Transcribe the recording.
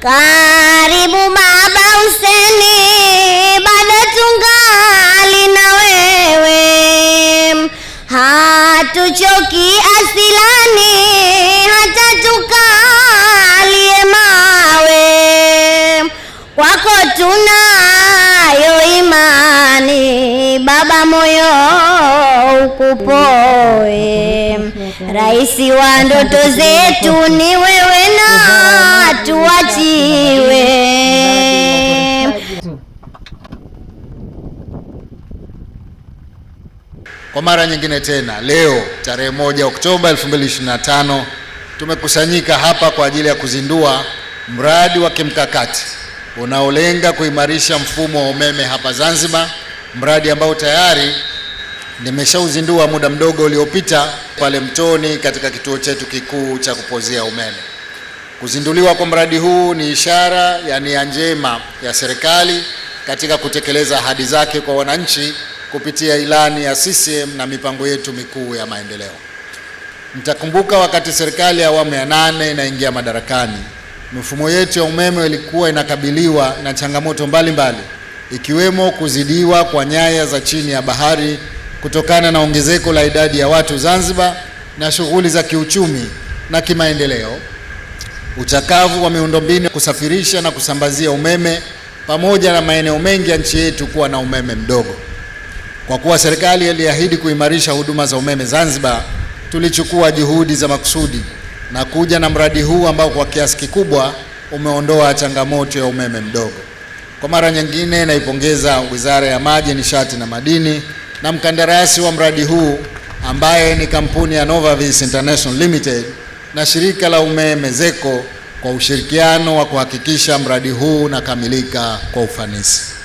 Karibu Baba Huseni, bado tungali na wewe, hatuchoki asilani, hata tukalie mawe. Kwako tunayo imani, Baba moyo ukupoe. Raisi wa ndoto zetu ni wewe na tuwa Kwa mara nyingine tena leo tarehe moja Oktoba 2025 tumekusanyika hapa kwa ajili ya kuzindua mradi wa kimkakati unaolenga kuimarisha mfumo wa umeme hapa Zanzibar, mradi ambao tayari nimeshauzindua muda mdogo uliopita pale Mtoni katika kituo chetu kikuu cha kupozea umeme. Kuzinduliwa kwa mradi huu ni ishara ya nia njema ya serikali katika kutekeleza ahadi zake kwa wananchi kupitia ilani ya CCM na mipango yetu mikuu ya maendeleo. Mtakumbuka wakati serikali ya awamu ya nane inaingia madarakani, mifumo yetu ya umeme ilikuwa inakabiliwa na changamoto mbalimbali mbali, ikiwemo kuzidiwa kwa nyaya za chini ya bahari kutokana na ongezeko la idadi ya watu Zanzibar na shughuli za kiuchumi na kimaendeleo, uchakavu wa miundombinu kusafirisha na kusambazia umeme, pamoja na maeneo mengi ya nchi yetu kuwa na umeme mdogo. Kwa kuwa serikali iliahidi kuimarisha huduma za umeme Zanzibar, tulichukua juhudi za makusudi na kuja na mradi huu ambao kwa kiasi kikubwa umeondoa changamoto ya umeme mdogo. Kwa mara nyingine, naipongeza Wizara ya Maji, Nishati na Madini na mkandarasi wa mradi huu ambaye ni kampuni ya Novavis International Limited na shirika la umeme ZECO kwa ushirikiano wa kuhakikisha mradi huu unakamilika kwa ufanisi.